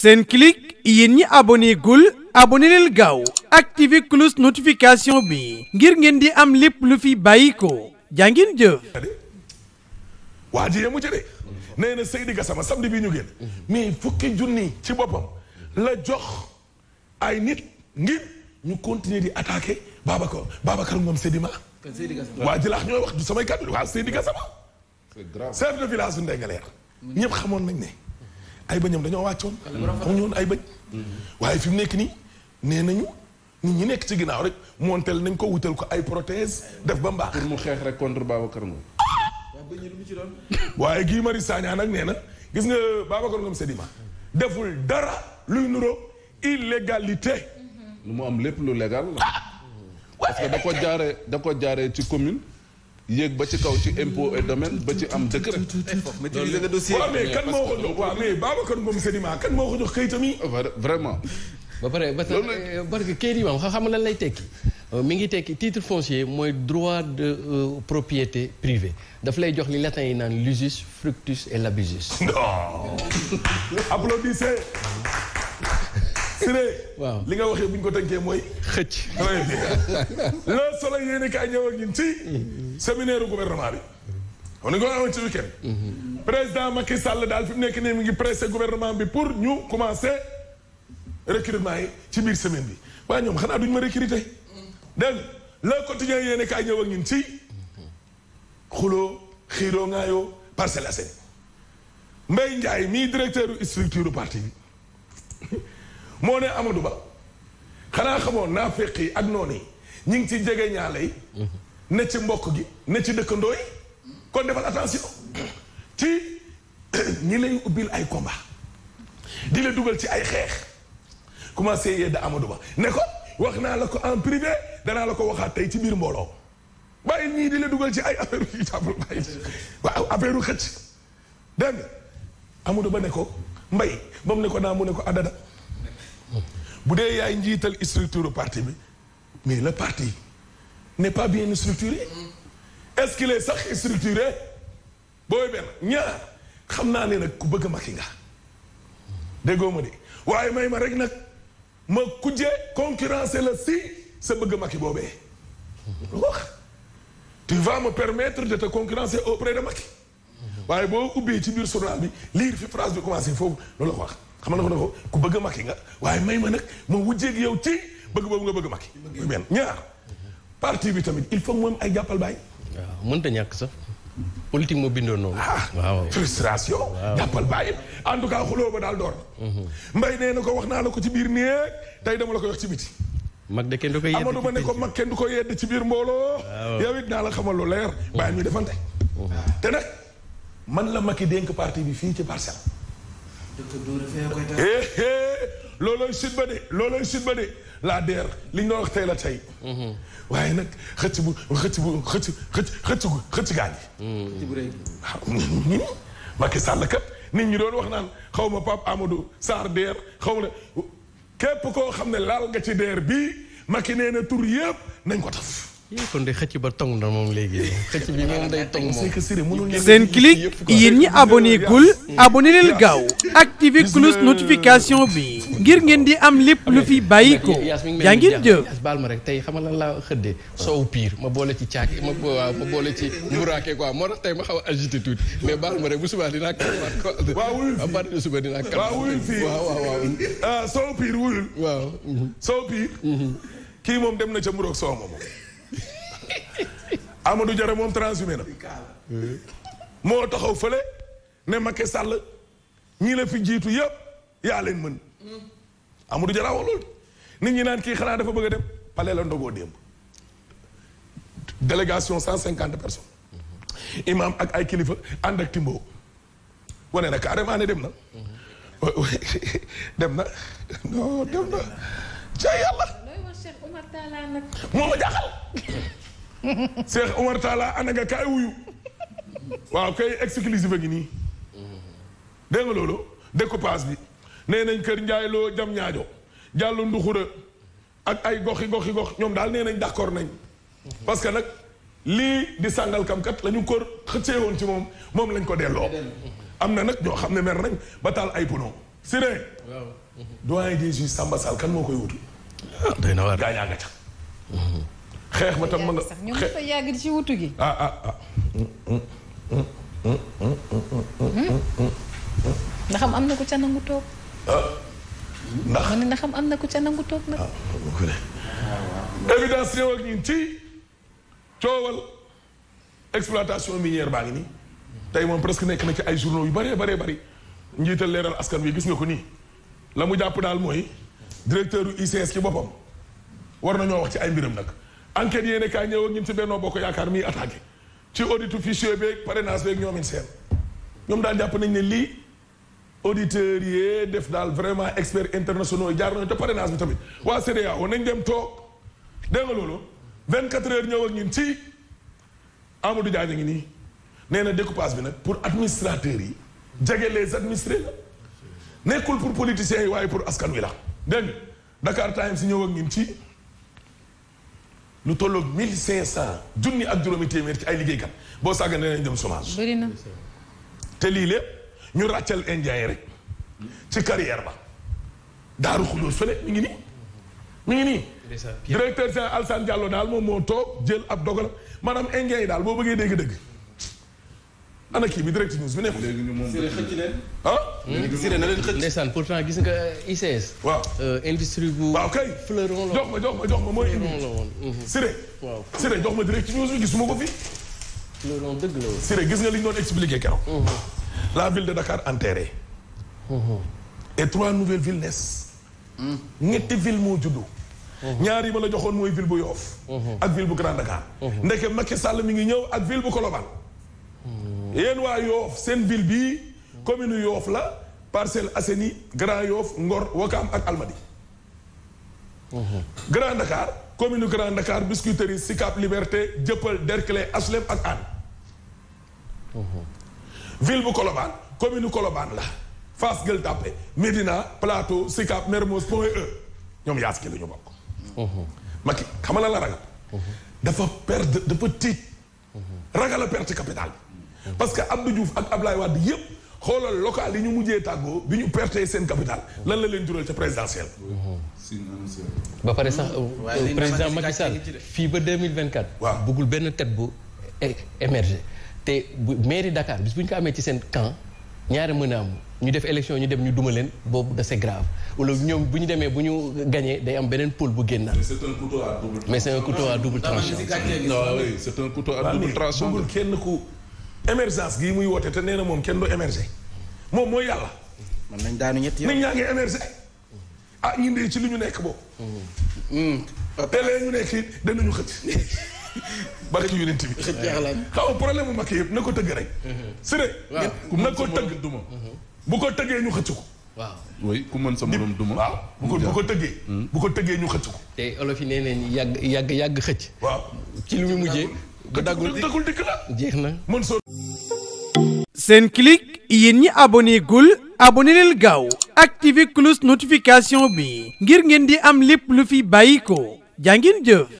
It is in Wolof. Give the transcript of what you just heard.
seen Senclic yéen ñi abonné gul abonné leen gaaw activé cloche notification bi ngir ngeen di am lépp lu fi bàyyi ko jàngin jëf. waa ji yemu ci de nee na Seydi Gassama samedi bii ñu génn mais fukki junni ci boppam la jox ay nit ngir ñu continuer di attaquer Babacar Babacar Ngom Sedima. kan Seydi Gassama waa jilaax ñooy wax du samay kàddu waaw Seydi Gassama. c'est grave chef de village bu Ndingler. ñëpp xamoon nañ ne. ay bëñam dañoo wàccoon. am ñoon ay bëñ. waaye fi nekk nii nee nañu nit ñi nekk ci ginnaaw rek montel nañ ko wutal ko ay prothèse def ba mbaax. pour mu xeex rek contre Babacar Ngom. waaye Guy mari Sagna nag nee na gis nga Babacar Ngom ma deful dara luy nuroo illégalité. lu mu am lépp lu légal. Ah! parce da ko jaaree da ko jaare ci commune. yéeg ba ci kaw ci impôt et domaine ba ci am dëkk rek. waaw mais kan moo ko jox waaw mais Babacar kan moo ko jox kayitam ba pare ba pare euh, parce que kayit yi xam lan lay tekki. Euh, mi ngi tekki titre foncier mooy droit de euh, propriété privée daf lay jox li latin yi naan l'usus fructus et l'abusus. non. siré waaw li nga waxee bu ñu ko tënkee mooy xëcc le soleil yéen i kaay ñëw ñun ci séminaire gouvernement bi on ko amoon ci week-end mm-hmm. président Macky Sall daal fi mu nekk nii mi ngi pressé gouvernement bi pour ñu commencer recrutement yi ci biir semaine bi waaye ñoom xanaa duñu ma recruter dégg le quotidien yéen i kaay ñun ci xuloo xiiroo ŋaayoo Parcelles Assainies Mbaye Ndiaye mii directeur structure partie bi moo ne Amadou Ba xanaa xamoon naa fekk yi ak noon yi ñu ngi ci jege ñaale yi. ne ci mbokk gi ne ci dëkkandoo kon defal attention ci ñi lay ubbil ay combat di la dugal ci ay xeex commencé yedd amadu Ba ne ko wax naa la ko en privé danaa la ko waxaat tey ci biir mbooloo bàyyi ñii di la dugal ci ay affaire yu jàppal bàyyi waaw affaire xëcc dégg nga Ba ne ko mbay ba mu ne ko naa mu ne ko adada bu dee yaay njiital structure parti bi mais le parti n'est pas bien structuré est-ce qu'il est sax structuré booy benn ñaar xam naa ne nag ku bëgg a makki nga déggoo ma de waaye may ma rek nag ma kujje concurrencer la si sa bëgg a makki boobee wax tu vas me permetre de te concurrencer auprès de Macky waaye boo ubbee ci biir journal bi lire fi phrase bi commencé foofu loolu la wax xam na ko ne ko ku bëgg a makki nga waaye may ma nag ma wujjeeg yow ci bëgg boobu nga bëgg a makki muy benn ñaar parti bi tamit il faut moom ay jàppal bàyyi waaw mënta ñàkk sax politique moo bindoon noonu ah, waaw frustration jàppal bàyyi en tout cas xuloo ba daal door mhm. mbay nee na ko wax naa la ko ci biir néeg tey dama la ko wax ci mag de kenn du ko ne ko mag du ko yedd ci biir mbooloo yow it naa la xamal lu leer bàyyi ñu defante mhm. man la Macky dénk parti bi fii ci parcel loolooy sud ba de la DER li ñu doon wax tey la tey. waaye nag xëcc bu xëcc bu xëcc xëcc xëcc xëcc ñi doon wax naan xaw ma Pape Amadou Sarr DER xaw ma képp xam ne laal nga ci DER bii Macky nee na tur yëpp nañ ko taf. yéen kon de xëcc ba tong na moom léegi xëcc bi moom day tong moom. seen clic yéen ñi abonné gul abonné leen gaaw activé cloche notification bi ngir ngeen di am lépp lu fi bàyyi ko yaa ngi jëf. baal ma rek tey xam nga lan laa xëdde soow piir ma boole ci caak ma ma boole ci muraake quoi moo tax tey ma xaw a tuuti mais baal ma rek bu subaa dinaa waaw wuyul fii à partir de suba dinaa kalmaat. waaw wuyul ah, soow piir mhm. mhm. kii moom dem na ca muroog soow moom. du Diarra moom transhumé na moo taxaw fële ne Macky Sall ñi la fi jiitu yëpp yaa leen mën Amadou Diarra wax loolu nit ñi naan kii xanaa dafa bëgg a dem pale la ndogoo démb délégation cent cinquante personnes imam ak ay kilifa ànd ak timbo wane na carrément dem na dem na non dem na ca yàlla moo ma jaaxal Cheikh Omar Talla ana nga kaay wuyu waaw kay exclusive gi nii dégg nga loolu bi nee nañ kër Ndiaye loo jam ñaajo jàllu nduxura ak ay goxi goxi gox ñoom daal nee nañ d'accord nañ parce que nag lii di sangal kam kat lañu ñu ko xëccee woon ci moom moom lañ ko delloo am na nag ñoo xam ne mer nañ ba taal ay pono siré doyen des juges Samba Sall kan moo koy wutu ah, day na waar gaa ñaa nga xeex ba tam mën a ñoom dafa yàgg ci wutu gi. ah, ah, ah. am na ku ca nangu toog. Ah, ndax ma ne ndax am na ku ca nangu toog nag. évidence ñëw ak ci coowal exploitation minière baa ngi nii. tey moom presque nekk na ci ay journaux yu bëree bëree bëri njiital leeral askan wi gis nga ko nii la mu jàpp daal mooy directeur yu ICS ci boppam war nañoo wax ci ay mbiram nag. enquête yéen kaay ñëw ak ñun ci Benno Bokk Yaakaar miy attaqué ci audit fichier beeg parrainage beeg ñoom it seen ñoom daal jàpp nañ ne lii auditeur yee def daal vraiment experts internationaux yi jaar nañu te parrainage bi tamit waa CEDEAO nañ dem toog dégg nga loolu 24 heures ñëw ak ñun ci Amadou Diagne ngi nii nee na découpage bi nag pour administrateurs yi jege les administrés la nekkul pour politiciens yi waaye pour askan wi la dégg Dakar Times ñëw ak ci. lu tolloog mille cinq cent junni ak juróomi téeméer ci ay liggéey liggéeykat boo sàggane nañ dem chômage. bëri na te lii lépp ñu ràccal indien yi rek ci carrière ba daaru xulóos fële mi ngi nii mi ngi nii. directeur général Alassane Diallo daal moom moo toog jël ab dogal maanaam indien yi daal boo bëggee dégg-dëgg. ana kii bi direct news bi nekkul. léegi ñu moom Siré xëcc leen. ah. Hmm? Siré na leen xëcc. ndeysaan pourtant gis nga euh, ICS. waaw euh, industrie bu. waaw kay fleuron la jox ma jox ma jox ma mooy. fleuron la woon. Hmm. Siré. waaw Siré jox ma direct news bi gisuma ko fi. fleuron dëgg la woon. Siré gis nga li ñu doon expliqué keroog. Hmm. la ville de Dakar enterrée. et trois nouvelles villes naissent. ñetti ville moo juddu. ñaar yi ma la joxoon mooy ville bu Yoff. ak ville bu Grand Dakar. ndeke Macky Sall mi ngi ñëw ak ville bu Colobane. yéen waa Yoff seen ville bii commune yoof la Parcelles Assainies Grand Yoff Ngor Wakam ak Almadi mhm. Grand Dakar commune Grand Dakar Biscuiterie Sicap Liberté Dieuppeul Derklé HLM ak Hann mhm. ville bu Colobane commune Colobane la Fass Gueule Tapée Médina Plateau Sicap Mermoz Point E ñoom yaas ki la ñu bokk mhm. Macky xamala la ragal dafa perdre dafa tiit ragal a perte capitale parce que Abdou Diouf ak Ablaye Wade yëpp xoolal local yi ñu mujjee tàggoo bi ñu perte seen capital lan la leen jural ca présidentiel. ba pare sax euh, président Macky Sall fii ba 2024. waaw bëggul benn tête bu émerger te bu mairie Dakar bis bu ñu ko amee ci seen camp ñaari mën a am ñu def élection ñu dem ñu duma leen boobu c'est grave wala ñoom bu ñu demee bu ñu gagné day am beneen pôle bu génn. mais c'est un couteau à double tranchant mais c'est couteau à double ah ku. émergence gii muy woote te nee na moom kenn du émerger moom mooy yàlla. man nañ daanu ñetti yoon nit ñaa ngi émerger ah ci li ñu nekk boobu. Mm-hmm. te lee ñu nekk it danañu xëcc. barke yonent bi xëcc eh. xaw problème mu mag yëpp na ko tëgg rek. si de. na ko tëgg duma. Mm-hmm. bu ko tëggee ñu xëcc ko. waaw oui ku mën sa morom duma. bu ko bu tëggee. Mm-hmm. bu ko tëggee ñu xëcc ko. te olof yi nee nañ yàgg yàgg yàgg xëcc. waaw ci lu mu mujjee. daggul dikk la jeex na mën soo seen clic yéen ñi abonné gul abonné leen gaaw activé cloche notification bi ngir ngeen di am lépp lu fi bàyyi ko jaa ngeen jëf